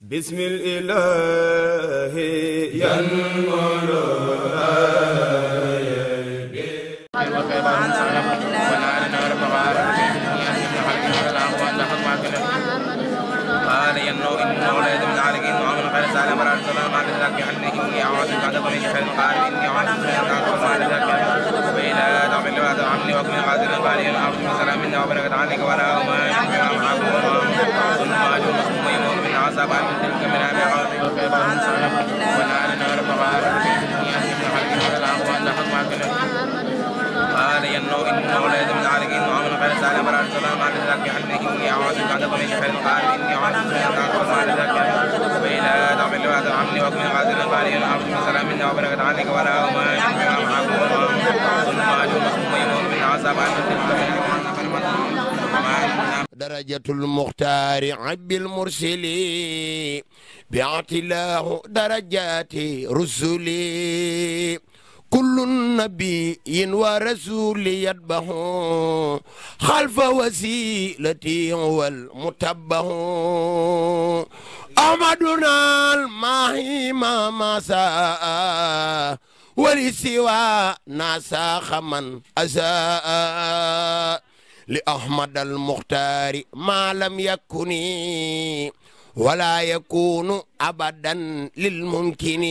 بسم الإله ينقل قال إني أعوذ بك من شر إني أعوذ بك الله وعمل وكم أعوذ وأن تلك من أبي عظيم وخير من سلم ونعلنا رب العالمين يهدم خلقنا والأرض وأن خطبها كلها قال ينو إنه لا يدم ذلك إنه عمل غير سالم ولا رسول الله عليه الصلاة والسلام إني أعوذ بك أن تكون شحن قال إني أعوذ بك أن تكون مع ذلك وإلى تعمل ما تعمل وكن غازلا قال يا عبد السلام إنه وبركت عليك ولا أمام معكم وما أعوذ بك من عذاب أن تلك من درجة المختار عب المرسلي بعت الله درجات رسلي كل نبي ورسول يتبه خلف وسيلتي هو المتبه أمدنا الماهي ما ما ساء ولسوى ناسا خمن أساء لأحمد المختار ما لم يكن ولا يكون أبدا للممكن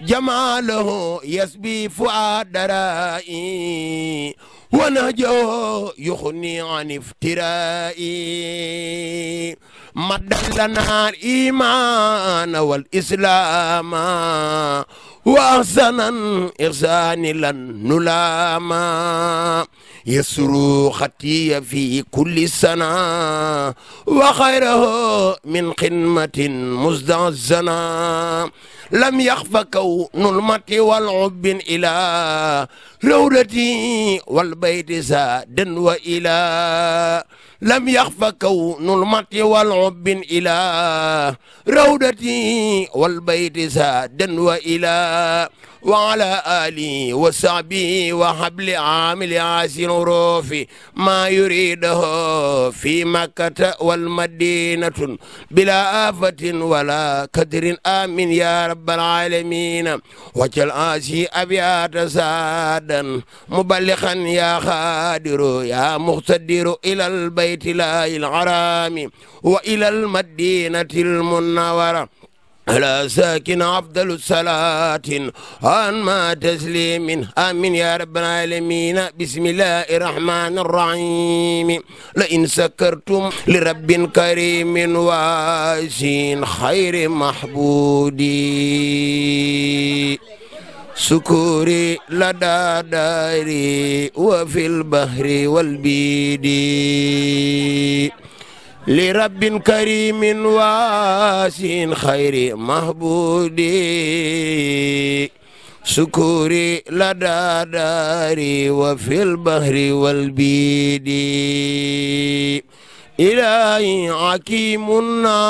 جماله يسبي فؤاد رائي ونهجه يخني عن افترائي مد لنا الإيمان والإسلام وأحسنا إحسان لن نلاما يسرو خطي في كل سنة وخيره من قمة مزدزنة لم يخف كون المت والعب إلى لولتي والبيت زاد وإلى لم يخف كون المت والعب إلى رودتي والبيت زاد وإلى وعلى آلي وصحبه وحبل عامل عاسين روفي ما يريده في مكة والمدينة بلا آفة ولا كدر آمين يا رب العالمين وجل آسي أبيات سادا مبلغا يا خادر يا مقتدر إلى البيت لا العرام وإلى المدينة المنورة على ساكن أفضل الصلاة ما تسليم آمين يا رب العالمين بسم الله الرحمن الرحيم لئن سكرتم لرب كريم واسين خير محبودي سكوري لدى داري وفي البحر والبيدي لرب كريم واسع خير محبود شكوري لدى داري وفي البحر والبيد إلهي حكيمنا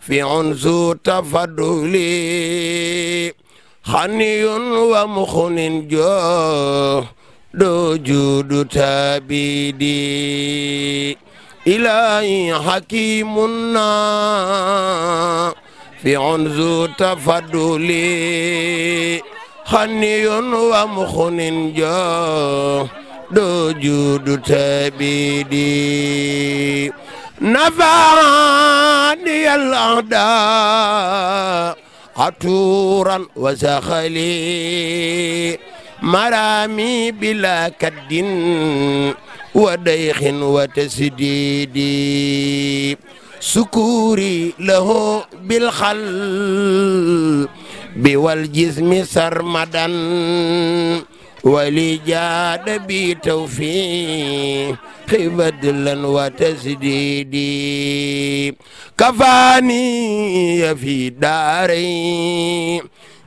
في عنزو تفضلي خني ومخن جوه ɗo juuɗuta biidi ilahi hakimunna fi on zu tafadduli wa muhunin jo ɗo juuɗuta biidi nafaani al ahda haturan wa sahali مرامي بلا كد وديخ وتسديد سكوري له بالخل بوالجسم سرمدا ولجاد بي بدلا وتسديدي كفاني في داري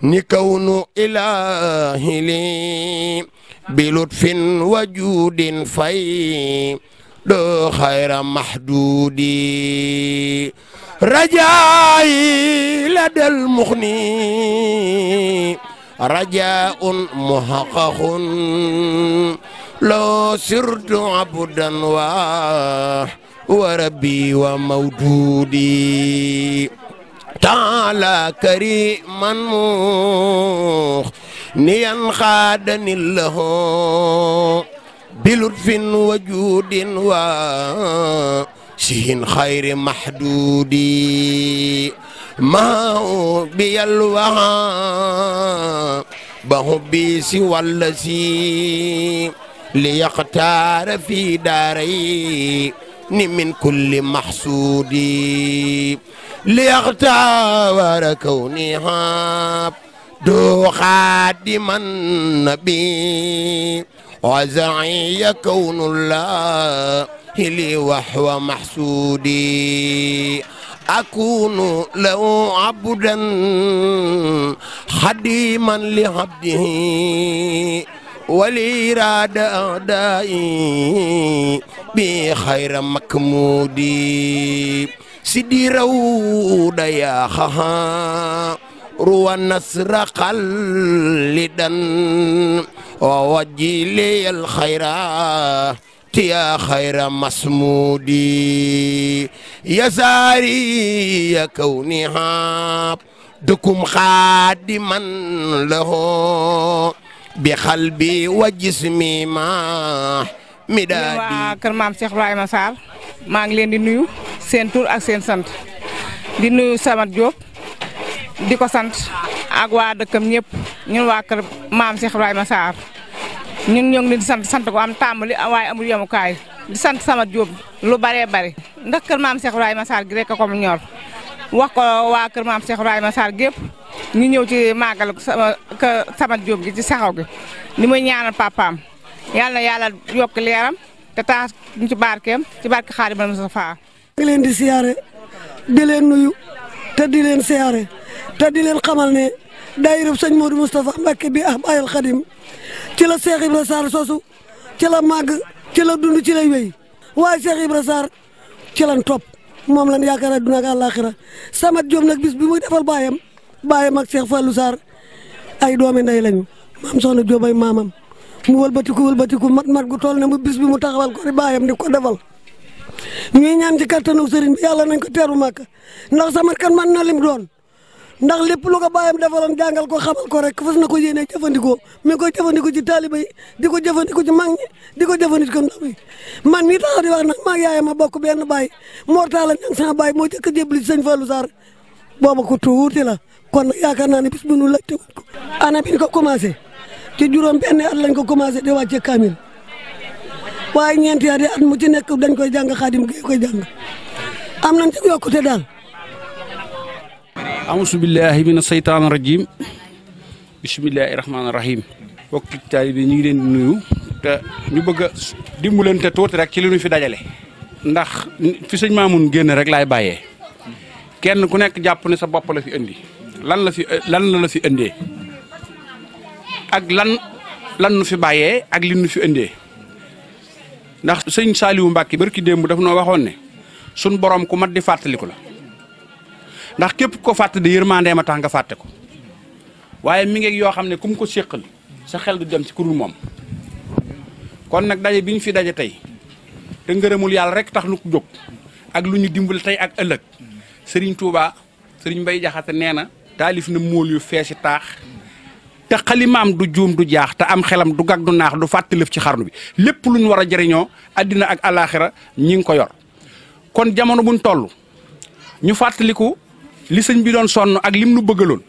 ni kawnu ilaahi li bi lutfin wa juudin fay doo xayra mahduudi rajaayi ladal muxni rajaa'un muhaqqaqun loo sirtu abdan wa wa rabbi wa mawduudi تعالى كريما نيان خادني الله بلطف وجود سهن خير محدود ما بي الوهى بهبي سوى الذي ليختار في داري من كل محسود ليختار هاب دو خادم النبي وزعي كون الله لي وحو محسودي أكون له عبدا خديما لعبده وليراد أعدائي بخير مكمودي سيدي يا خها روى النصر قلدا ووجي لي الخيرات يا خير مسمودي يا زاري يا كوني هاب دكم خادما له بقلبي وجسمي ما mida waa kër maam Cheikh Ibrahima Fall maa ngi leen di nuyu seen tur ak seen sant di nuyu Samat Diop di ko sant ak waa dëkkam ñëpp ñun waa kër maam Cheikh Ibrahima Sarr ñun ñoo di sant sant ko am tàmbali waaye amul yemukaay di sant Samat Diop lu baree bare ndax kër maam Cheikh Ibrahima Sarr gi rek a ko ñor wax ko waa kër maam Cheikh Ibrahima Sarr gépp ñu ñëw ci màggal sama Samat Diop gi ci saxaw gi ni muy ñaanal papaam. yàlla na yàlla yokk leeram te taas ñu ci barkeem ci barke Xaadimal Mustafaa di leen di siyaare di leen nuyu te di leen siyaare te di leen xamal ne daayirub sëñ Modou Moustapha Mbacké bi ah Bayal Xadim ci la Cheikh Ibra Sarr sosu ci la màgg ci la dund ci lay wéy waaye Cheikh Ibra ci lan topp moom lan yaakaar àdduna ak àllaaxira Samat Diop nag bis bi muy defal baayam baayam ak Cheikh Fallou Sarr ay doomi ndey lañu maam soxna Diop ay maamam mu wëlbatiku wëlbatiku mat-mat gu tol ne mu bis bi mu taxawal ko di bayam di ko defal ñi ñaan ci kattanu serigne bi yalla nañ ko teru mak ndax sama kan man na lim doon ndax lepp lu ko bayam defaloon jangal ko xamal ko rek fas na ko yene jefandiko mi koy ci taaliba diko di ko ci mag diko jefandiko ko man mi taxaw di wax nak maa yaay ma bokk benn baay mortala ñang sa bay mo jëk Fallou ko tuuti la kon yaaka na ni bis bu nu laajte ana bi ko commencé ci juróom benn at lañ ko commencé di wàcce kamil waaye ñeenti at at mu ci nekk dañ koy jàng xaadim gi koy jàng am nañ ci yokkute daal amusu billahi mina seytaan rajim bismillahi rahmaani rahim bokki taalibe bi ñu ngi leen di nuyu te ñu bëgg a dimbalante tuuti rek ci li ñu fi dajale ndax fi sëñ Maamun génn rek laay bàyyee kenn ku nekk jàpp ne sa bopp la fi indi lan la fi lan la la fi indee ak lan lan nu fi bàyyee ak li nu fi indee ndax sëñ Saliou Mbacke barki démb daf noo waxoon ne suñ borom ku mat di fàttaliku la ndax képp ko fàtte di yërmandeem a tax nga fàtte ko waaye mi ngi yoo xam ne ku ko séqal sa xel du dem ci kurul moom kon nag daje bi ñu fi daje tey te ngërëmul yàlla rek tax lu ko jóg ak lu ñu dimbali tey ak ëllëg sëriñ Touba sëriñ Mbay Jaxate nee na taalif na mool yu feesi taax te khalimam du joom du jaax te am xelam du gag du nax du fàttalëf ci xarnu bi lepp luñu wara a adina ak alakhirah ñi ngi ko yor kon jamono buñ tollu ñu fateliku li señ bi doon sonu ak lim nu bëggaloon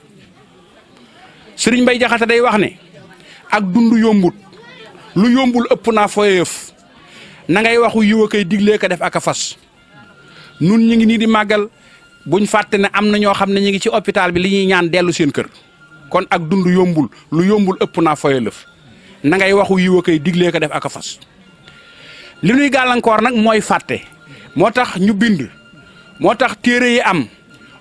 señ bay jaxata day wax ne ak dundu yombut lu yombul ëpp na foyeef na ngay waxu yiwa kay diglé ka def ak nun ñi ngi ni di magal buñ ne am na ñoo xam ngi ci hôpital bi li ñi ñaan seen kër kon ak dundu yombul lu yombul ëpp na foye leuf na ngay waxu yiwa koy diglé ko def ak a fas li nuy gàllankoor nag mooy ñu bind motax téré yi am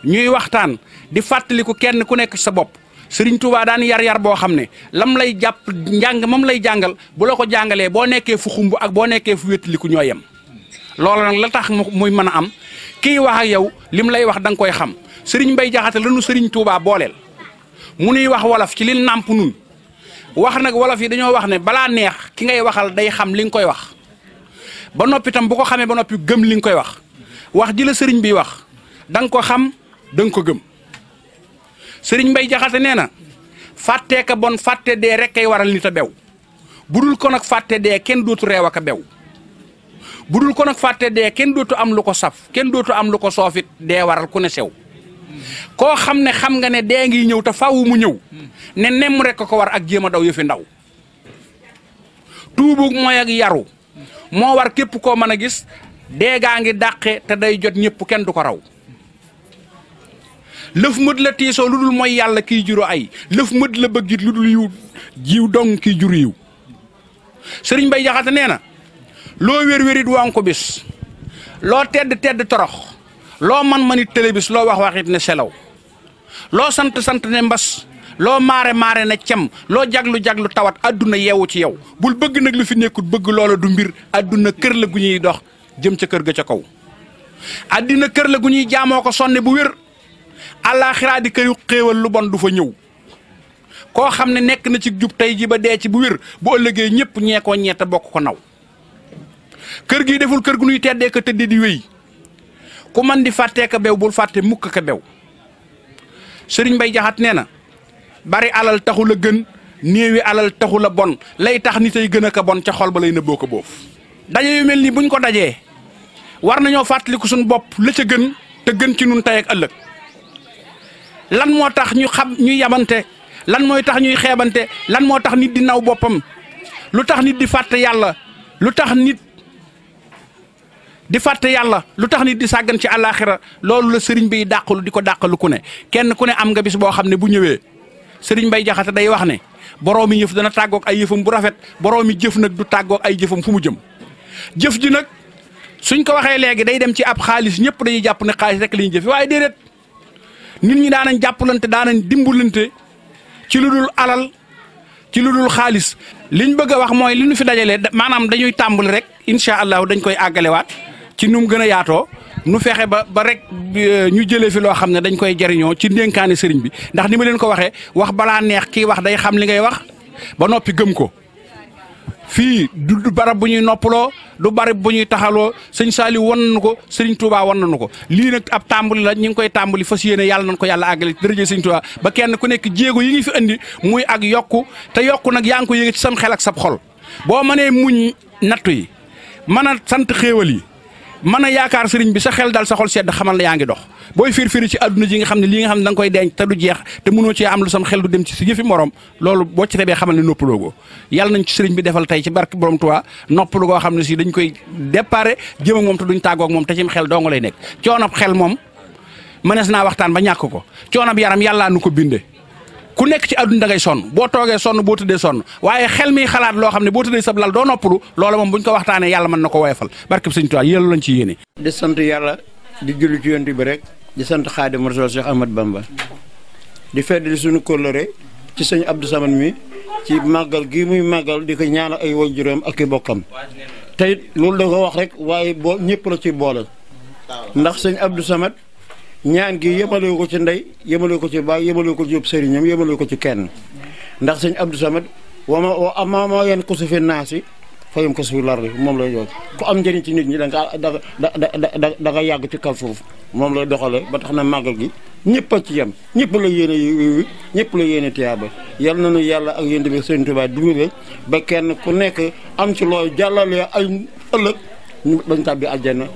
ñuy waxtaan di fàttaliku kenn ku nekk sa bop serigne Touba daan yar-yar bo xam lam lay japp njàng mom lay jangal bu lako ko bo nekké nekkee fu ak bo nekké fu wéttaliku ñoo yem loolu la tax muy mëna am ki wax ak yow lim lay wax dang koy xam serigne Mbay jaxata lañu serigne Touba muni wax wolof ci li namp nun wax nak wolof yi dañu wax ne bala neex ki ngay waxal day xam li nga koy wax ba nopi tam bu ko xame ba nopi gem li koy wax wax ji la sëriñ bi wax dang ko xam dang ko gem sëriñ Mbay jaxata neena fatte ka bon fatte de rek kay waral ni ta bew budul ko nak fatte de ken dotu rewa ka bew budul ko nak fatte de ken dotu am lu ko saf ken dotu am lu ko soofit waral ku ne sew koo xam ne xam nga ne dee ngi ñëw te faaw mu ñëw ne nem rek ko war ak jéem a daw yëfi ndaw tuubug mooy ak yaru moo war képp koo mën a gis dee gaa ngi dàqe te day jot ñëpp kenn du ko raw lëf mët la tiisoo lu dul mooy yàlla kii juru ay lëf mët la bëggit lu dul yiw jiw dong kiy juru yiw sëriñ bay jaxate nee na loo wér wérit won ko bis loo tedd tedd torox loo man manit télébis loo wax waxit ne selaw loo sant sant ne mbas loo maare maare ne cem loo jaglu jaglu tawat àdduna yeewu ci yow bul bëgg nag lu fi nekkul bëgg loola du mbir adduna kër la gu ñuy dox jëm ca kër ga ca kaw addina kër la gu ñuy jaamoo ko sonne bu wér àllaaxiraa di këru xéewal lu bon du fa ñëw koo xam ne nekk na ci jub tey ji ba dee ci bu wér bu ëllëgee ñëpp ñeekoo ñeete bokk ko naw kër gi deful kër gu ñuy teddee ko tëdd di wéy ku man di fàttee ka bew bul fàtte mukk ka bew sëriñ bay jaxat nee na bari alal taxul a gën néewi alal taxul la bon lay tax nit ay gën a ka bon ca xol ba lay nëbboo ko boof daje yu mel nii buñ ko dajee war nañoo fàttaliku suñ bopp la ca gën te gën ci nun tey ëllëg lan moo tax ñu xam ñuy yamante lan mooy tax ñuy xeebante lan moo tax nit di naw boppam lu tax nit di fàtte yàlla lu tax nit di fatte yalla lu tax nit di sàggan ci alakhirah lolou la serigne bi dakul diko ko ku ne kenn ku ne am nga bis bo xamne bu ñewé serigne bay jaxata day wax ne boromi yef dana tagok ay yefum bu rafet boromi jef nak du tagok ay jefum fu mu jëm jef ji nak suñ ko waxé légui day dem ci ab khalis ñepp dañu japp ne khalis rek waye dedet nit ñi daanañ jappulante daanañ dimbulante ci luddul alal ci luddul khalis liñ bëgg wax moy liñu fi dajalé manam dañuy tambul rek dañ koy waat ci nu mu gën a yaatoo nu fexe ba ba rek euh, ñu jëlee fi loo xam ne dañ koy jariñoo ci ndénkaane sëriñ bi ndax ni ma leen ko waxee wax balaa neex kii wax day xam li ngay wax ba noppi gëm ko fii du barab bu ñuy noppaloo du barab bu ñuy taxaloo sëñ Saliou wan nañu ko sëriñ Touba wan nañu ko lii nag ab tàmbali la ñu ngi koy tàmbali fas yéene yàlla nañ ko yàlla àggale dërëjee sëñ Touba ba kenn ku nekk jéego yi ngi fi andi muy ak yokku te yokku nag yaa ngi ko yëge ci sam xel sab xol boo mënee muñ nattu yi mën a sant xéewal yi mën a yaakaar sëriñ bi sa xel dal sa xol sedd xamal la yaa ngi dox booy firfiri ci àdduna ji nga xam ne lii nga xam ne da nga koy denc te du jeex te mënoo ci am lu sam xel du dem ci si yëfi morom loolu boo ci rebee xamal ne noppaloo ko yal nañ ci sëriñ bi defal tey ci bark borom Tuubaa noppalu goo xam ne si dañ koy déparé jëm ak moom te duñ tàggoog moom te cim xel doo nga lay nekk coonab xel moom mënees naa waxtaan ba ñàkk ko coonab yaram yàllaa nu ko binde ku nekk ci àdduna da ngay sonn boo toogee sonn boo tëddee sonn waaye xel mi xalaat loo xam ne boo tëddee sab lal doo noppalu loola moom bu ñu ko waxtaanee yàlla mën na ko woyofal barkeb sëñ Tuubaa yéen lañ sant yàlla di julli ci yonent bi rek di sant Xaadimu Rasuul Cheikh Ahmadou Bamba di fedd suñu kóllëre ci sëñ Abdou Samane mi ci màggal gii muy màggal di ko ñaanal ay waajuram ak i bokkam te it loolu da ko wax rek waaye boo ñëpp la ci boole ndax sëñ abdu Samane ñaan gi yemalee ko ci ndey yemalee ko ci baay yemalee ko ci yóbbu sëriñam yemalee ko ci kenn ndax sëñ Abdou Samad ma wa amma maa yan ko su fi naasi fa yam ko si fi lar moom lay jox ku am njëriñ ci nit ñi da nga da da da nga yàgg ci kaw foofu moom lay doxalee ba tax na màggal gi ñëpp a ci yem ñëpp la yéene yiw ñëpp la yéene tiyaaba yal na nu yàlla ak yéen bi sëñ Tuubaa dugale ba kenn ku nekk am ci looy jàllalee ay ëllëg ñu bañ tàbbi àjjana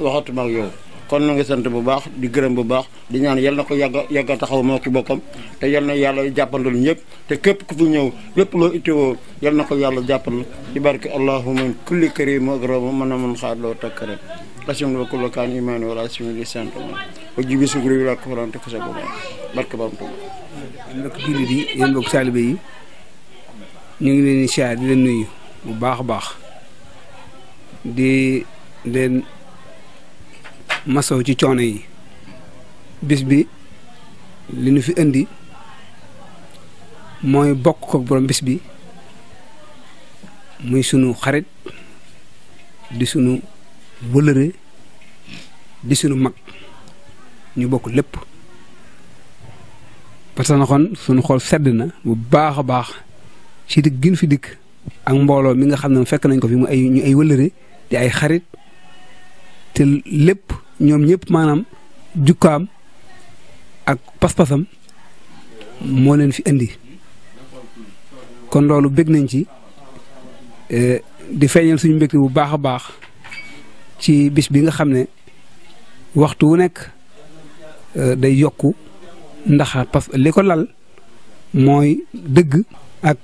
waxatuma yow kon nu ngi sant bu baax di gërëm bu baax di ñaan yal na ko yàgg yàgg taxaw moo ki bokkam te yal na yàlla jàppandal ñëpp te képp ku fi ñëw lépp loo ittiwoo yal na ko yàlla jàppandal ci barke allahumma kulli karim akrama mën na mën xaar loo takkaram asim la kulli kaan imaani wala asim li sant ma ba jibi sugri bi laa ko farante ko sa a barke bam tuba yéen mbokk jullit yi mbokk taalibe yi ñu ngi leen di siyaar di leen nuyu bu baax a baax masaw ci coono yi bis bi li nu fi indi mooy bokk ko borom bis bi muy sunu xarit di sunu wëlëre di sunu mag ñu bokk lépp parce que na kon sunu xol sedd na bu baax a baax ci dikk gin fi dikk ak mbooloo mi nga xam ne fekk nañ ko fi mu ay ñu ay wëlëre di ay xarit te lépp ñoom ñëpp maanaam jukkaam ak pas-pasam moo leen fi indi kon loolu bég nañ ci eh, di feeñal suñu mbégte bu baax a baax ci bis bi nga xam ne waxtu wu nekk eh, day yokk ndax parce que li ko lal mooy dëgg ak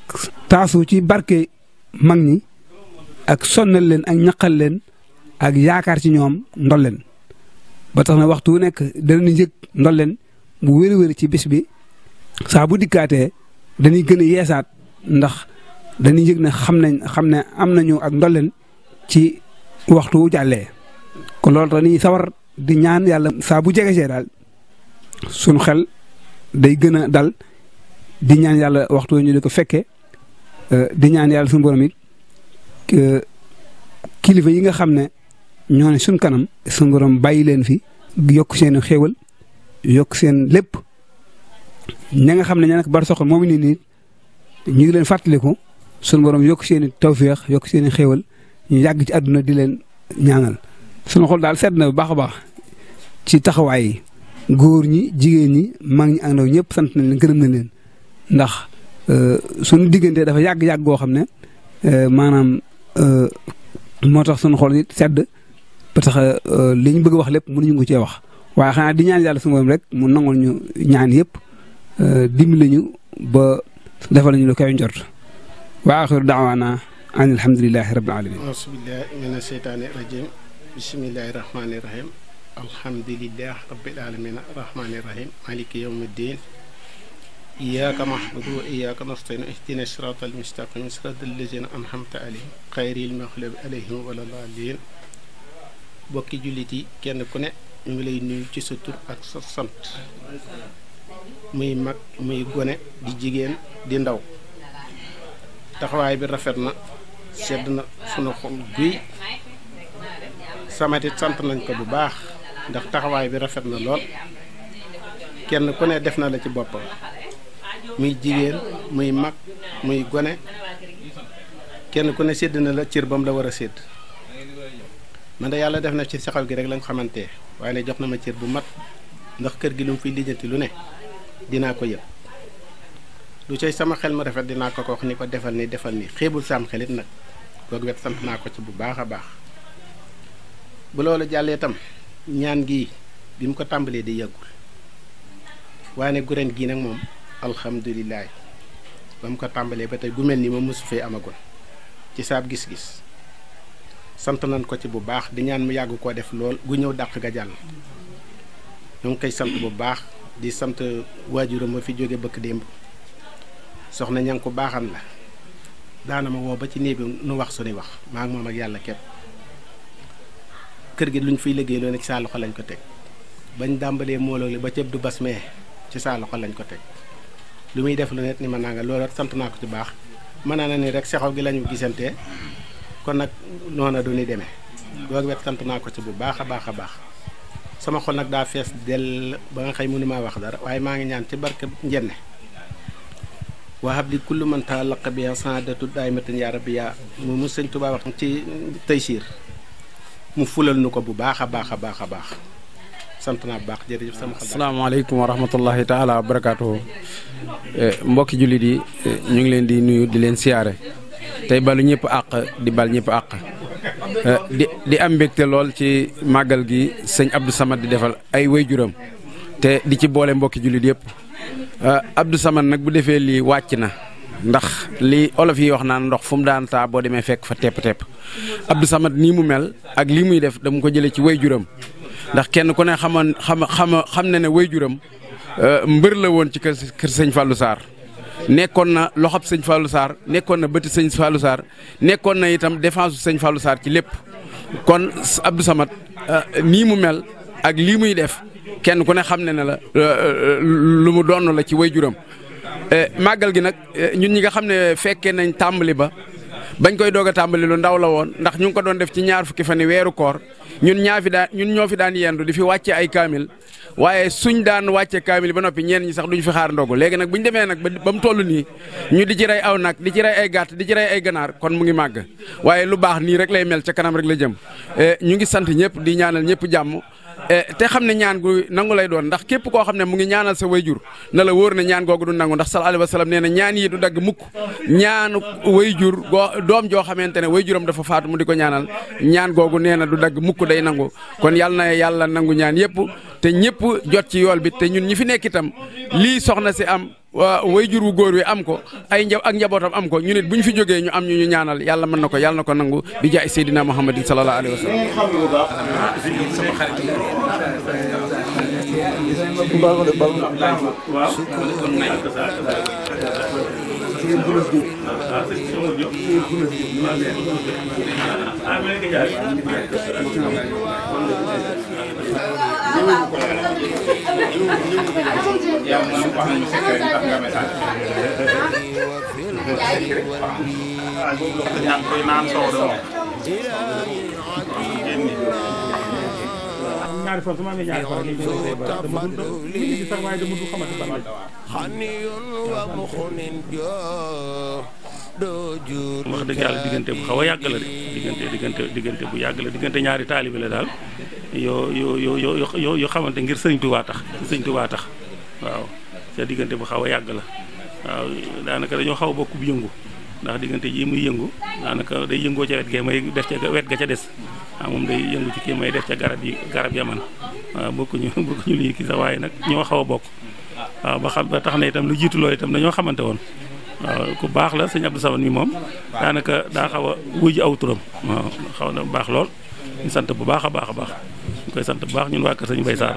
taasu ci barke mag ñi ak sonnal leen ak ñaqal leen ak yaakaar ci ñoom ndol leen ba tax na waxtu wu nekk danañ yëg ndolleen bu wér-wér ci bis bi saa bu dikkaatee dañuy gën a yeesaat ndax dañuy yëg ne xam nañ xam ne am nañu ak ndolleen ci waxtu wu jàllee. kon loolu dañuy sawar di ñaan yàlla saa bu jege see daal sunu xel day gën a dal di ñaan yàlla waxtu ñu di ko fekkee eh, di ñaan yàlla sunu borom it eh, kilifa yi nga xam ne ñoo ne suñ kanam suñ borom bàyyi leen fi yokk seen xéewal yokk seen lépp ña nga xam ne ña nag bar soxla moom nii ñu ngi leen fàttaliku suñ borom yokk seen i tawféex yokk seeni i xéewal ñu yàgg ci àdduna di leen ñaanal. suñu xol daal sedd na bu baax a baax ci taxawaay góor ñi jigéen ñi mag ñi ak ndaw ñëpp sant nañ leen gërëm nañ leen ndax euh, suñu diggante dafa yàgg-yàgg goo xam ne euh, maanaam euh, moo tax sunu xol yi sedd. parce euh, que li ñu bëgg wax lépp mënuñu ko cee wax waaye xanaa di ñaan yàlla suñu borom rek mun nangul ñu ñaan yëpp euh, dimbali ñu ba defal ñu lu koy njort wa axiru daawaana an alhamdulilahi rabbil alamin asbillahi mina seytaani rajim bismillahi rahmani rahim alhamdulilah rabbil alamina rahmani rahim maliki yawmi ddin iyyaka na'budu wa iyyaka nasta'in ihdina siratal mustaqim siratal lazina bokki jullit yi kenn ku ne ñu ngi lay nuyu ci sa tur ak sa sant muy mag muy gone di jigéen di ndaw taxawaay bi rafet na sedd na sunu xol guy samatit sant nañ ko bu baax ndax taxawaay bi rafet na lool kenn ku ne def na la ci boppam muy jigéen muy mag muy gone kenn ku ne sedd na la cër bam la war a sedd man de yàlla def na ci saxaw gi rek lañ xamante waaye ne jox na ma cër bu mat ndax kër gi lu mu fiy lijjanti lu ne dinaa ko yëg lu cay sama xel mu rafet dinaa ko ko wax ni ko defal ni defal ni xeebul sam xelit nag kooku wet sant naa ko ci bu baax a baax bu loolu jàllee itam ñaan gi bi mu ko tàmbalee di yàggul waaye ne guren gii nag moom alhamdulilah ba mu ko tàmbalee ba tey bu mel ni moom mosu fee amagoon ci saab gis-gis sant nañ ko ci bu baax di ñaan mu yàgg koo def lool gu ñëw dàq ga jàll ñu ngi koy sant bu baax di sant waajuram ma fi jóge bëkk démb soxna ña ko baaxan la daanama ma woo ba ci néeg bi nu wax suñuy wax maa ngi moom ak yàlla képp kër gi luñ fiy liggéey loo ne ci saa loxo lañ ko teg bañ dàmbalee mooloo li ba ceeb du bas mee ci saa loxo lañ ko teg lu muy def lu net ni ma naa nga sant naa ko ci baax mën naa ne ni rek sexaw gi lañu gisantee kon nak nona du ni demé gog wet sant na ko ci bu baakha baakha baax sama xol nak da fess del ba nga xey munuma wax dara waye ma ngi ñaan ci barke ngenn wahab li kullu man taalaqa bi saadatu daimatan ya rabbiya mu mu sëñ Tuubaa wax ci taysiir mu fulal nuko bu baakha baakha baakha baax sant na baax jërëjëf sama xol alaykum wa rahmatullahi taala wa barakatuh eh, mbokk jullit yi eh, ñu ngi leen di nuyu di leen siaré tey balu ñëpp àq di bal ñëpp àq eh, di di am mbégte lool ci màggal gi sëñ abdu Samad di defal ay waajuram te di ci boole mbokki jullit yëpp eh, Abdou Samad nag bu defee lii wàcc na ndax li olof yi wax naan ndox fu mu daan boo demee fekk fa tepp tepp Abdou Samad nii mu mel ak lii muy def dama ko jëlee ci waajuram ndax kenn ku ne xam xam xam xam na ne waajuram eh, mbër la woon ci kër sëñ Fallou Sarr. nekkoon na loxob sëñ Fallou saar nekkoon na bëti sëñ Fallou Sarr nekkoon na itam défense sëñ Fallou saar ci lépp kon Abdou Samad euh, nii mu mel ak lii muy def kenn ku ne xam ne ne la euh, euh, lu mu doon la ci waajuram màggal gi nag ñun ñi nga xam ne fekke nañ tàmbali ba bañ koy doog a tàmbali lu ndaw la woon ndax ñu ngi ko doon def ci ñaar fukki fan yi weeru koor ñun ñaa fi daan ñun ñoo fi daan yendu di fi wàcce ay kaamil waaye suñ daan wàcce kaamil ba noppi ñeen ñi sax duñ fi xaar ndogu léegi nag bu ñu demee nag ba mu toll nii ñu di ci rey aw nag di ci rey ay gàtt di ci ay ganaar kon mu ngi màgg waaye lu baax nii rek lay mel ca kanam rek la jëm eh, ñu ngi sant ñëpp di ñaanal ñëpp jàmm Eh, te xam ne ñaan gu nangu lay doon ndax képp koo xam ne mu ngi ñaanal sa wayjur na la wóor ne ñaan googu du nangu ndax sallallahu alayhi wasallam nee na ñaan yi du dagg mukk ñaanu wayjur goo doom joo xamante ne wayjuram dafa faatu mu di ko ñaanal ñaan googu nee na du dagg mukk day nangu kon yal na yàlla nangu ñaan yëpp te ñëpp jot ci yool bi te ñun ñi fi nekk itam lii soxna si am wayjur wu góor wi am ko ay nja njabootam am ko ñu nit bu ñu fi jógee ñu am ñu ñu ñaanal yàlla mën na ko yàlla na ko nangu bi jaay Seydina Muhammadin sallallahu alayhi wa yang memahami sekali tentang Aku xawa kenyang kue nanto diggante bu xaw yàgg la de diggante bu yàgg la diggante ñaari taalibe la daal yoo yoo yoo yoo yoo xamante ngir sëñ waa tax sëñ waa tax waaw sa diggante bu xaw a yàgg la waaw daanaka dañoo xaw bokk bu yëngu ndax diggante yi muy yëngu daanaka day yëngoo ca wet gee may def ca wet ga ca des waaw ah, moom day yëngu ci kii may def ca garab yi garab ya man waaw bokkuñu bokkuñu li kii sax waaye nag ñoo xaw a bokk waaw ba xam ba tax na itam lu jiitu loolu itam dañoo xamante woon waaw ku baax la sëñ Abdou Samane mi moom daanaka daa xaw a wuj aw turam waaw xaw na baax lool ñu sant bu baax a baax a ba koy sant bu baax ñun waa kër sëñ Mbaye Sarr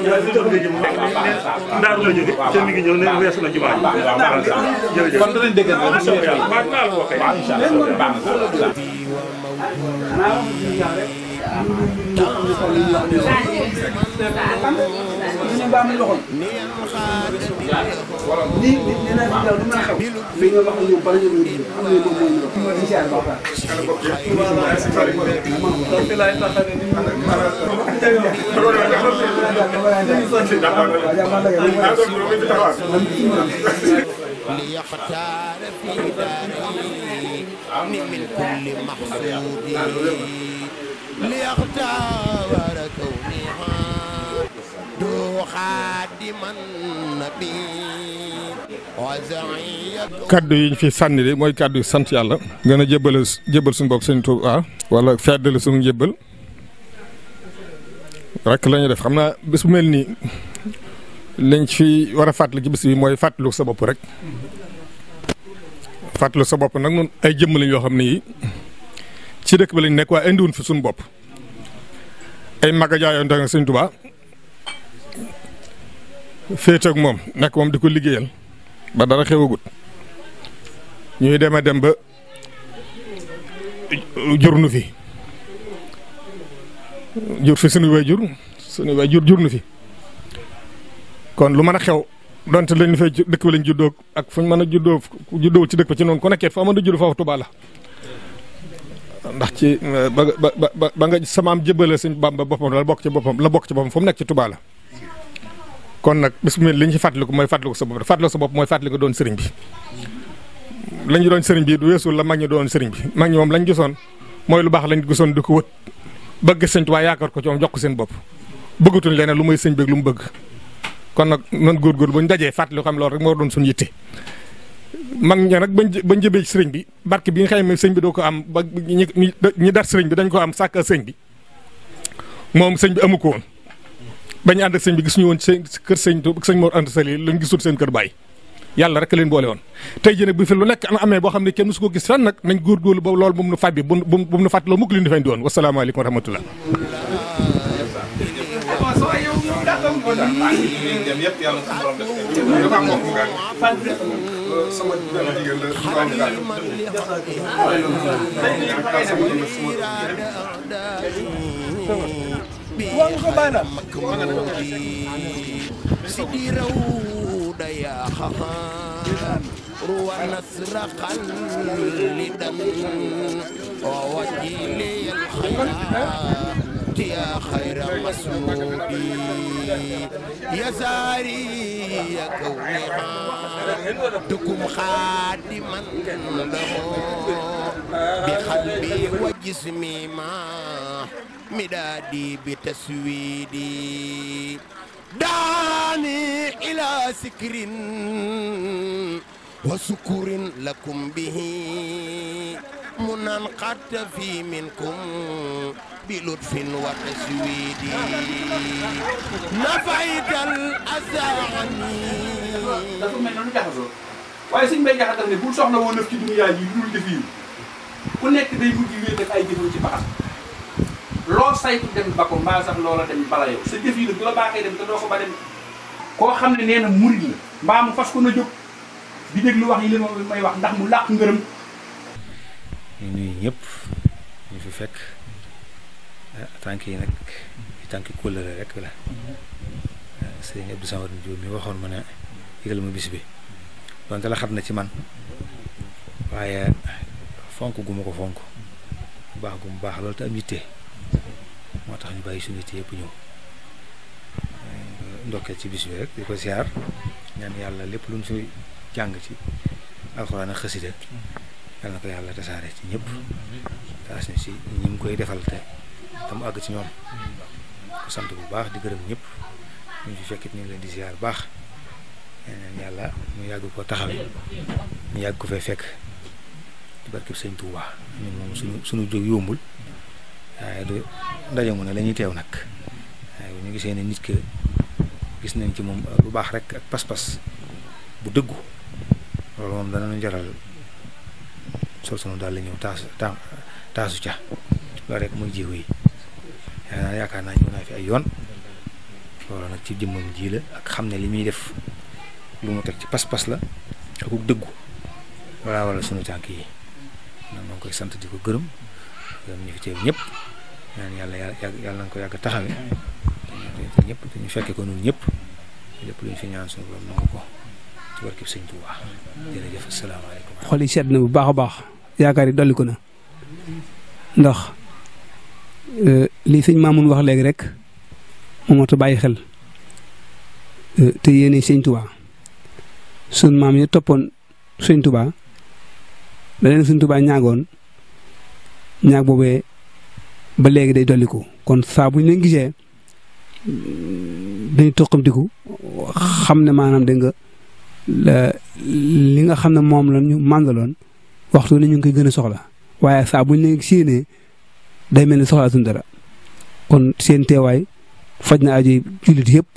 ndaar la jóge te mi ngi ñëw ne weesu na jumaa ji jërëjëf kon danañ dégg na inshallah baax na la ko kay inshallah baax na lii lii nee naa fi jàll du mën a xew. li nga wax ak ñoom bala ñu doon déglu am nañu moom mooy ñu doon. mooy incha allah. ليختار في داري من كل محمود ليختار كونها خادما kaddu yi ñu fi sànni de mooy kàddu yi sant yàlla. gën a jébbal jébbal suñu bopp Sëñ Tuubaa walla feddali suñu njébbal rekk lañuy def xam naa bés mel nii liñ fi war a fàttali ci bés bi mooy fàttalu sa bopp rek fàttalu sa bopp nag noonu ay jëmm lañ yoo xam ne yii. ci dëkk bi lañ nekk waa indiwuñ fi suñu bopp ay mag a jaayoon da nga sëñ moom nekk moom di ko liggéeyal ba dara xewagut ñuy dem dem ba jur nu fi jur fi suñu jur suñu waajur jur jur nu fi kon lu mën a xew donte lañ fay dëkk bi lañ juddoo ak fuñ mën a juddoo juddoo ci dëkk ba ci noonu ku nekkee fa mën a judd foofu Tuubaa la ndax ci euh, ba ba ba nga samaam jëbale sëñ Bàmba boppam la bokk ci boppam la bokk ci boppam fu mu nekk ci Tuubaa kon nag bismillah li ñu ci fàttaliku mooy fàttaliku sa bopp fàttaliku sa bopp mooy fàttaliku nga sëriñ bi la ñu doon sëriñ bi du weesul la mag ñi doon bi mag ñi moom lañ gisoon mooy lu baax lañ gisoon di ko wët bëgg sëñ Tuubaa yaakaar ko ci moom jox ko seen bopp bëggatuñ leneen lu muy sëñ bi lu mu bëgg kon nag nan góorgóorlu bu ñu dajee fàttaliku xam loolu rek moo doon suñu yitte mag ña nag bañ bañ jëbee ci sëriñ bi barki bi nga xam sëñ bi doo ko am ba ñi ñi dar sëriñ bi dañ ko am sàkk sëñ bi moom sëñ bi amu ko woon bañ ànd ak sëñ bi gis ñu woon ci kër sëñ Tuuba ak sëñ Mor Anta Sali lañ gisul seen kër bàyyi yàlla rek leen boole woon tey jii nag fi lu nekk amee boo xam ne kenn su ko gis fenn nag nañ góorgóorlu ba lool bu mu nu fàbbi bu mu bu mu nu fàttaloo mukk li ñu defañ di woon wasalaamaaleykum wa rahmatullah tànk yi ñuy dem yëpp yàlla suñu borom def ko. dafa am mbokk nga sama benn jigéen la doom bi daal. waaw. أنت يا خير مسعودي يا زاري يا كوني دكم خادما له بقلبي وجسمي ما مدادي بتسويدي دعني إلى سكر وسكر لكم به mu naan xatta fi minkum bi lutfin wa taswidi nafaytal asaani dafa mel noonu jaxasoo waaye suñ mbay jaxat daf ne bul soxla woon nëf ci duniyaa ji lu dul jëf ku nekk day mujj wéet ay jëfam ci baax loo saytu dem ba ko mbaa sax loola dem bala la baaxee dem te doo ko ba dem koo xam ne nee na murid la mbaa mu fas ko na jóg di déglu wax yi li ma may wax ndax mu làq ngërëm ñu nuyu ñëpp ñu fi fekk eh, tànk yi nag ñu tànk kóllëre rek la eh, sëriñ Abdou Samad Ndiou mi waxoon ma ne yëgal ma bis bi donte la xat na ci man waaye fonk gu ma ko fonk bu baax gu mu baax loolu te am yitte moo tax ñu bàyyi suñu yitte yëpp ñëw eh, ndokkee ci bis bi rek di ko siyaar ñaan yàlla lépp lu ñu fi jàng ci alxuraan ak xasida yàlla na ko yàlla tasaare ci ñëpp taas ñu si ñi ngi koy defal te tam àgg ci ñoom ko sant bu baax di gërëm ñëpp ñu ngi fekkit ñu ngi leen di ziar baax yeneen yàlla mu yàgg ko taxawe ñu yàgg ko fee fekk ci barkib sëñ Touba ñun moom suñu suñu jóg yombul waaye du ndaje mu ne la teew nag waaye bu ñu gisee ne nit ki gis nañ ci moom lu baax rek ak pas-pas bu dëggu loolu moom danañu jaral sol sunu daal la ñëw taasu taasu ca loolu rek muy jiwu yi yaakaar naa ñëw naa fi ay yoon loolu nag ci jëmmam ji la ak xam ne li muy def lu mu teg ci pas-pas la ak dëggu walla walla sunu tànk yi nag maa ngi koy sant di ko gërëm gërëm ñu fi teew ñëpp yàlla yàlla na ko yàgg taxawe te ñëpp te ñu fekke ko ñun ñëpp lépp lu ñu fi ñaan sunu borom nangu ko ci barkeb sëñ Tuubaa jërëjëf asalaamaaleykum. xol yi sedd na bu baax baax. yaakaar yi dolliku na ndax euh, li sëñ Maamun wax léegi rek moo matu bàyyi xel euh, te yéene sëñ Tuubaa sun maam yi toppoon sëñ Tuubaa la leen sëñ Tuubaa ñaagoon ñaag boobee ba léegi day dolliku kon saa bu ñu leen gisee dañu toqamtiku xam ne maanaam da nga li nga xam ne moom la ñu màndaloon waxtu ne ñu ngi koy gën a soxla waaye saa buñ leen séenee day mel ni soxlaatuñ dara kon seen teewaay faj na aji jullit yëpp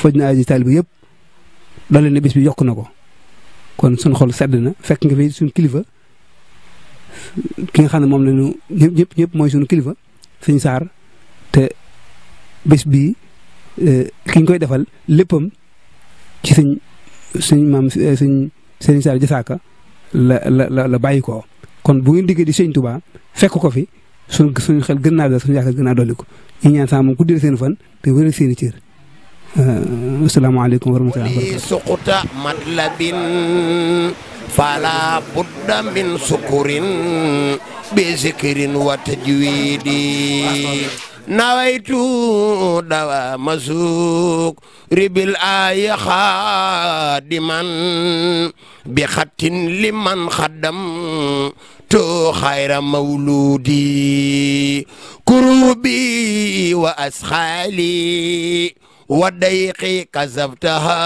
faj na aji taalibe yëpp dalee ne bis bi yokk na ko kon suñ xol sedd na fekk nga fi suñ kilifa ki nga xam ne moom la ñu ñëpp ñëpp mooy suñu kilifa suñ saar te bés bii eh, ki koy defal léppam ci suñ suñ maam eh, suñ sëriñ saar jasaaka la la la bàyyi ko kon bu ngeen diggee di sëñ Tuubaa fekk ko fi suñ suñu xel gën naa dal suñu yaakaar gën naa dolli ko ñu ñaan sama moom ku seen fan te wéral seen i cër euh, asalaamaaleykum wa rahmatullaahi wa barakaatuh la matlabin fala budda min sukurin bi zikrin wa tajwidi نويت دوام سوق رب الآي خادما بخط لمن خدم تو خير مولودي كروبي وأسخالي وديقي كذبتها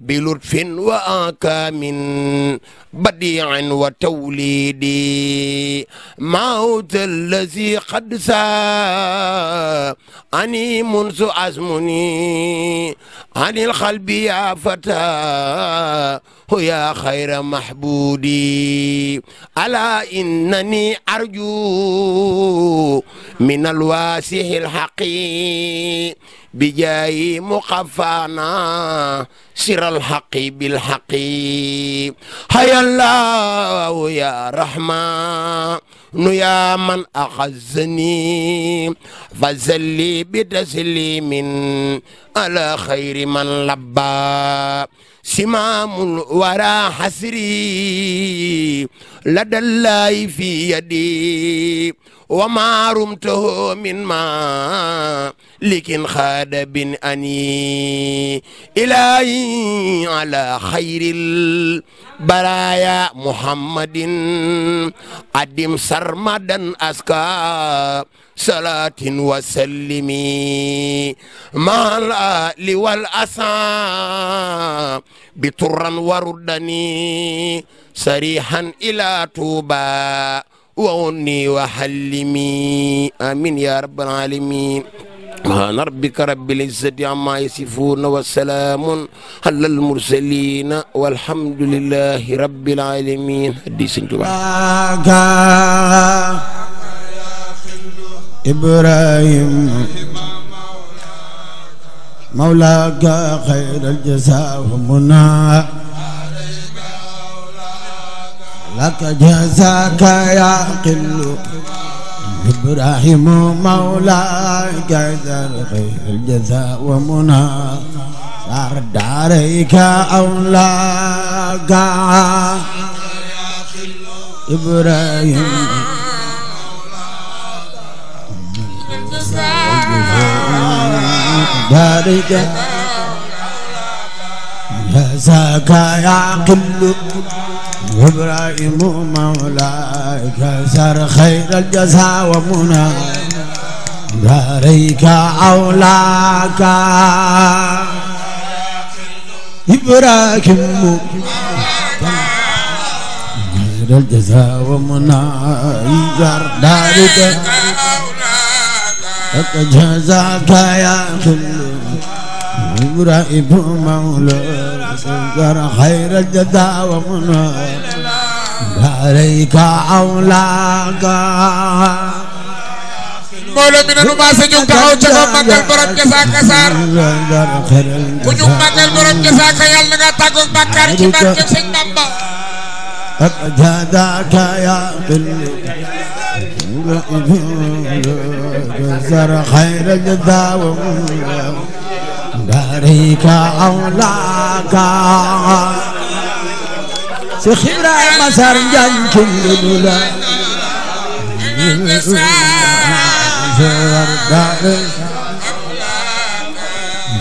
بلطف وآكام بديع وتوليد موت الذي قد سا أني منذ أزمني عن القلب يا فتى يا خير محبودي ألا إنني أرجو من الواسع الحقيق بجاي مقفانا سر الحق بالحق هيا الله يا رحمن يا من أخذني فزلي بتسليم على خير من لبى سمام ورا حسري لدى الله في يدي وما رمته من ما لكن خاد بن أني إلهي على خير البرايا محمد أدم سرمدا أسكا صلاة وسلمي مع الأهل والأسى بطرا وردني صريحا إلى توبا وأني وحلمي آمين يا رب العالمين سبحان ربك رب العزة عما يصفون وسلام على المرسلين والحمد لله رب العالمين حديث جمعة إبراهيم مولاك خير الجزاء ومنى لك جزاك يا قل إبراهيم مولاي ذا الخير الجزاء ومنى صار عليك أولاك إبراهيم دارك جزاك يا قل إبراهيم مولاك سر خير الجزاء ومنى داريك أولاك إبراهيم خير الجزاء ومنى داريك أولاك جزاك يا كل إبراهيم مولى سنجر خير الجدا ومنى عليك أولاك mbooloo mi nanu maase jóg taxaw ca ko màggal borom jasaaka saar ku ñu màggal borom jasaaka yàlla nga tàggoog bàkkaar ci barke sëñ Bamba ak jadaaka ya bil nga ibnu sar xayra jadaawa dari ka aulaka Sekhira masar jankin dula Masar dari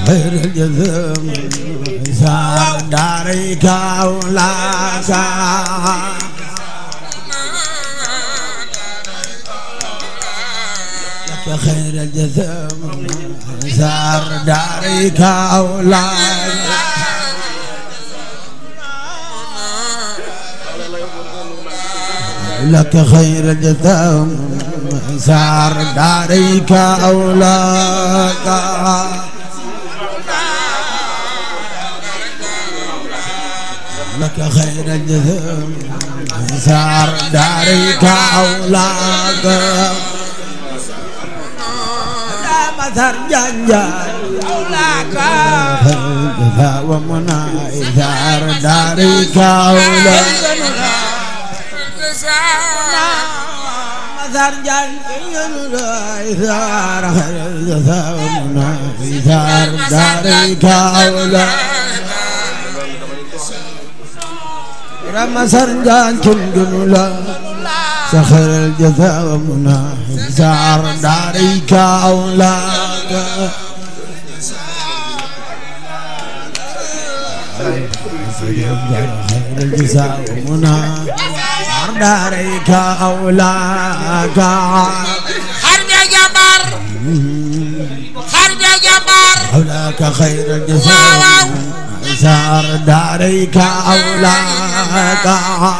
غير الجذم سار داري كولاكا لك خير الجذم أثر دارك أولاد لك خير الجثم سار دارك أولاد لك خير الجثم سار دارك أولاد سر جنجال مولاك فلدفا ومنع إثار دارك أولا مثر جنجال إثار فلدفا ومنع إثار دارك أولا رمسر جنجال سخر الجزاء منا زار داري كاولا سخر الجزاء ومنى داريك أولاد حرب يا جبر حرب جبر أولاك خير الجزاء حزار داريك أولاد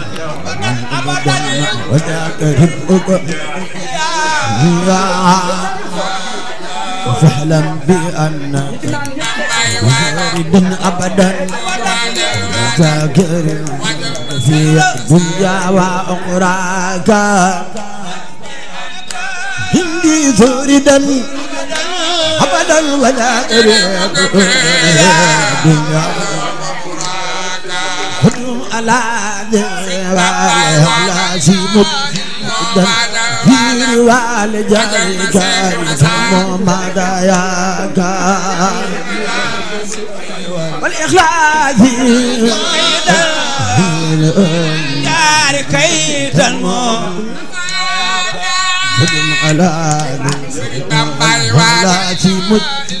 فاعلم بأنك غريب أبدا ذاكر في دنيا وأخراك إني فردا أبدا ولا قريب دنيا وأخراك على لازم الدين والجارك محمد يا والإخلاص دار كيد المؤمن على لازم الدين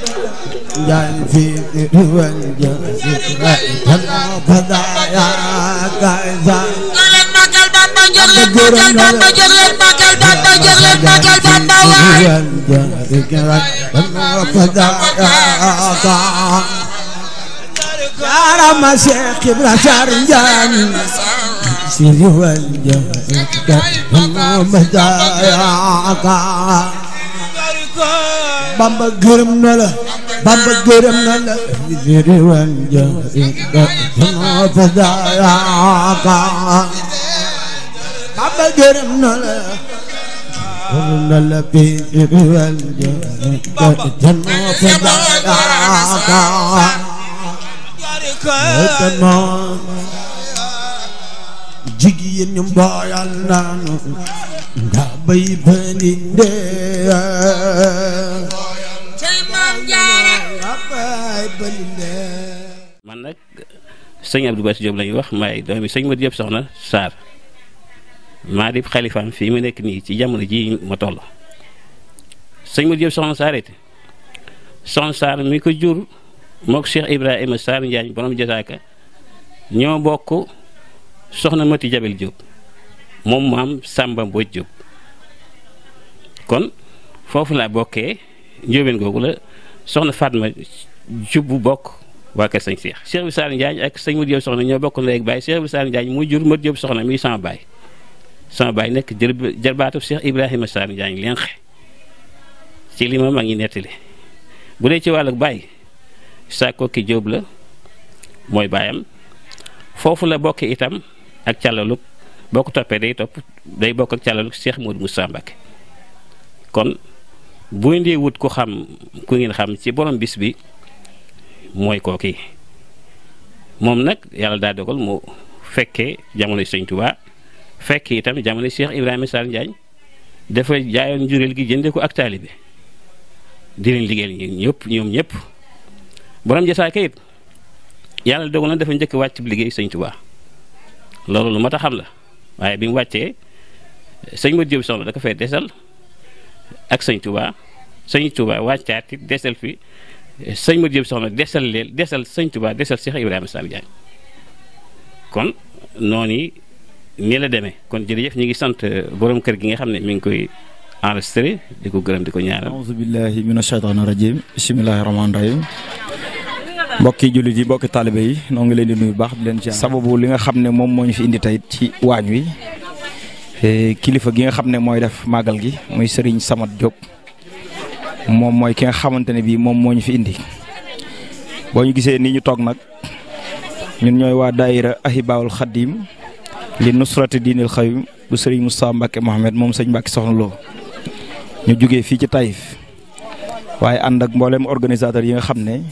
جان في دوان جان تنا بدا يا كايزا لن ماكل بابا جرل ماكل بابا جرل ماكل بابا جرل ماكل بابا وان تنا بدا يا كا يا رما شيخ برشار جان سيدي وان جان تنا بدا يا كا بابا gërëm na la bamba gërëm na la jiriwan jari dama fa daaka bamba gërëm na la gërëm na la bi jiriwan jari dama fa daaka dama jigéen ñu mboyal naanu nga bay ba ni ndee man nag sëñ Abdou Bass Diop la ñuy wax maay doomi sëñ Modou Diop soxna Sarr maa di xalifaam fii mu nekk nii ci jamono ji ma toll sëñ Modou Diop soxna Sarr it soxna Sarr mi ko jur mook Cheikh Ibrahima Sarr Njaañ borom jasaaka ñoo bokk soxna Mati Jabel Diop moom maam Samba Mbodj Diop kon foofu laa bokkee njóobeen googu la soxna Fatma jub bu bokk waa kër sëñ Cheikh Cheikh Ibra Sall Ndiagne ak sëñ Modou Diop soxna ñoo bokk ndey ak baay Cheikh Ibra Sall Ndiagne mu jur Modou Diop soxna mi sama baay sama baay nekk jarbaatu Cheikh Ibrahima Sall Ndiagne ci li ma mag ñi nettali bu dee ci wàllug baay Sakko ki Diop la mooy baayam foofu la bokk itam ak càllalug boo ko toppee day topp day bokk ak càllalug Cheikh Modou Moussa Mbacké kon bu ndee wut ku xam ku ngeen xam ci borom bis bi mooy kooki moom nag yàlla daa dogal mu fekkee jamono sëñ Tuubaa fekkee itam jamono Cheikh Ibrahima Sall Njaañ dafa jaayoon njuréel gi jënde ko ak taalibe di leen liggéeyal ñëpp ñoom ñëpp borom jasaay kayit yàlla dogal na dafa njëkk wàcc liggéey sëñ Tuubaa loolu lu ma a xam la waaye bi mu wàccee sëñ Modou Diop soxna da ko desal ak sañ tubaa sëñ tubaa waa caati desal fi sëñ ma jëm soxna desal leen desal sëñ Touba desal Cheikh Ibrahima Sall Diagne kon noonu nii la demee kon jërëjëf ñu ngi sant euh, borom kër gi nga xam ne mi ngi koy enregistré di ko gërëm di ko ñaaral aouzu billahi mina shaytaani rajim bismillahi rahmaani rahim mbokki jullit yi mbokki taalibe yi noo leen di nuyu baax di leen sababu li nga xam ne moom moo ñu fi indi tey ci waañ wi kilifa gi nga xam ne mooy def màggal gi muy Serigne Samat jóg moom mooy ki nga xamante ne bii moom moo ñu fi indi boo ñu gisee nii ñu toog nag ñun ñooy waa daayira Ahibaawul Xaddiim li nusrati diinil xayim bu Serigne Moustapha Mbacke Mohamed moom sëñ Mbacke soxna Lo ñu jógee fii ci Taïf waaye ànd ak mboolem organisateur yi nga xam ne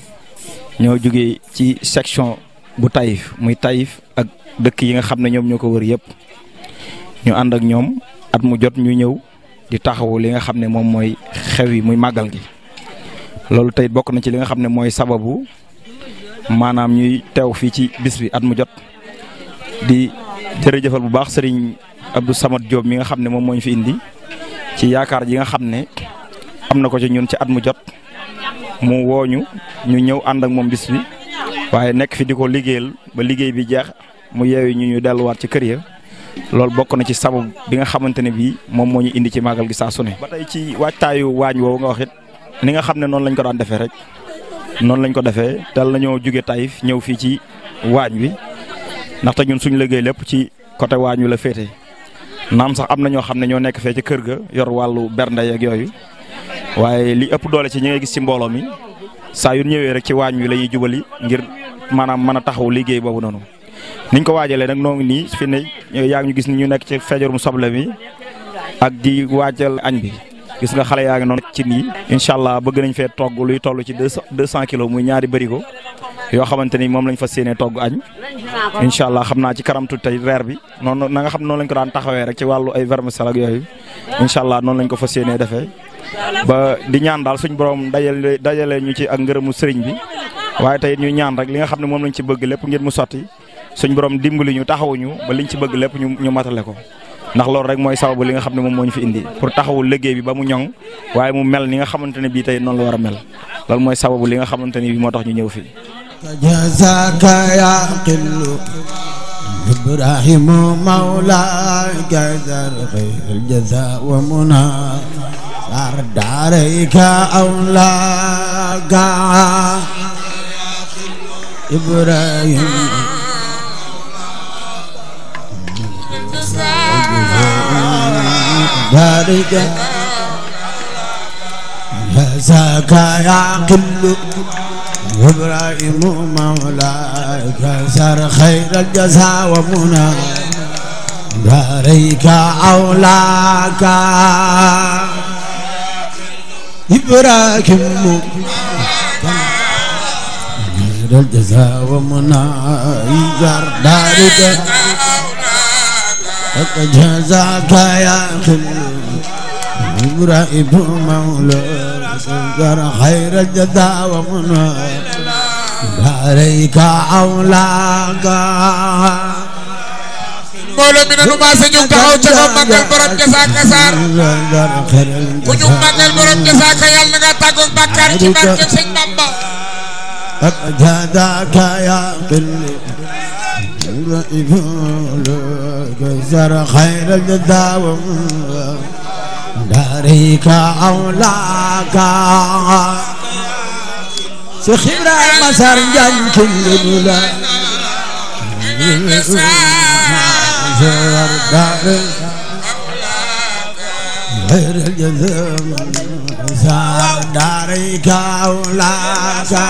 ñoo jógee ci section bu Taïf muy Taïf ak dëkk yi nga xam ne ñoom ñoo ko wër yëpp. ñu ànd ak ñoom at mu jot ñu ñëw di taxawu li nga xam ne moom mooy xew yi muy màggal gi loolu tey bokk na ci li nga xam ne mooy sababu maanaam ñuy teew fii ci bis bi at mu jot di jërëjëfal bu baax sëriñ Abdou samat jóom mi nga xam ne moom mooñ fi indi ci yaakaar ji nga xam ne am na ko ci ñun ci at mu jot mu wooñu ñu ñëw ànd ak moom bis bi waaye nekk fi di ko liggéeyal ba liggéey bi jeex mu yeewi ñu ñu delluwaat ci kër ya loolu bokk na ci sabab bi nga xamante ne bii moom moo ñu indi ci màggal gi saa sune ba tey ci waajtaayu waañ woowu nga wax it ni nga xam ne noonu lañ ko daan defee rek noonu lañ ko defee dal nañoo jóge Taïf ñëw fii ci waañ wi ndaxte ñun suñu liggéey lépp ci côté waañ wi la féete naam sax am na ñoo xam ne ñoo nekk fee ci kër ga yor wàllu bernde yeeg yooyu waaye li ëpp doole ci ñi ngay gis ci mbooloo mi saa yu ñëwee rek ci waañ wi lañuy ñuy jubali ngir maanaam mën a taxaw liggéey boobu noonu. niñ ko wajale nak noo ni fi ne yaa ñu gis ni ñu nek ci feejarum soble bi ak di wajal añ bi gis nga xalé yaa ngi ci ni inshallah allah bëgg nañ fe togg luy tollu ci 200 cent muy ñaari bari ko yo xamanteni mom lañ fa seené togg añ inshallah allah ci karam tu tay reer bi non na nga xam non lañ ko daan taxawé rek ci walu ay vermicelle ak yoy inshallah allah lañ ko fa seené défé ba di ñaan dal suñ borom dajal dajalé ñu ci ak ngeerum sëriñ bi waye tay ñu ñaan rek li nga xamne mom lañ ci bëgg lepp ngir mu soti suñ borom dimbali ñu taxawuñu ba liñ ci bëgg lépp ñu ñu matale ko ndax loolu rek mooy sababu li nga xam ne moom moo ñu fi indi pour taxawul liggéey bi ba mu ñoŋ waaye mu mel ni nga xamante ne bii tey noonu la war a mel loolu mooy sababu li nga xamante ne bii moo tax ñu ñëw fii. Ibrahimu mawla jazar xayril Ibrahim بارك جزاك يا كل إبراهيم مولاك سر خير الجزاء ومنى بارك أولاك إبراهيم خير الجزاء ومنى دارك جزاك يا خل رائب مولاك انظر خير الجزا ومنى عليك اولاك mbooloo mi nanu maase ñu taxaw ca ko màggal borom jasaaka saar ku ñu màggal borom jasaaka yàlla na nga tàggoog bàkkaar ci barke sëñ Bamba ak jazaaka ya xil زر خير الدوام داريك أولاك سخيرا مسار جنكين لبلا زر داريك غير داريك أولاك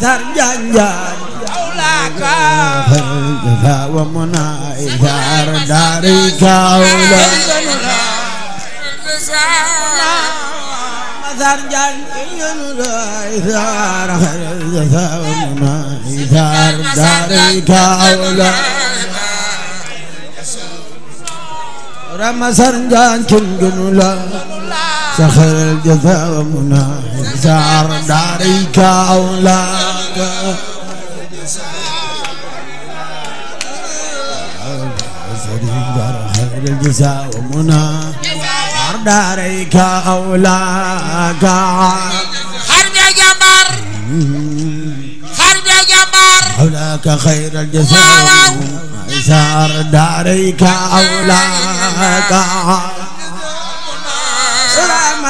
زار جان جان أولاك فلدفا ومنا إزار دارك أولاك زار جان إزار فلدفا ومنا إزار دارك أولاك رمسان جان كن جنولا سخر الجزاء ومنى زار داريك أولاك خير الجزاء ومنى زار داريك أولاك خرج جبر خرج جبر أولاك خير الجزاء زار داريك أولاك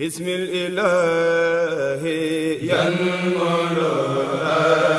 بسم الإله ينقل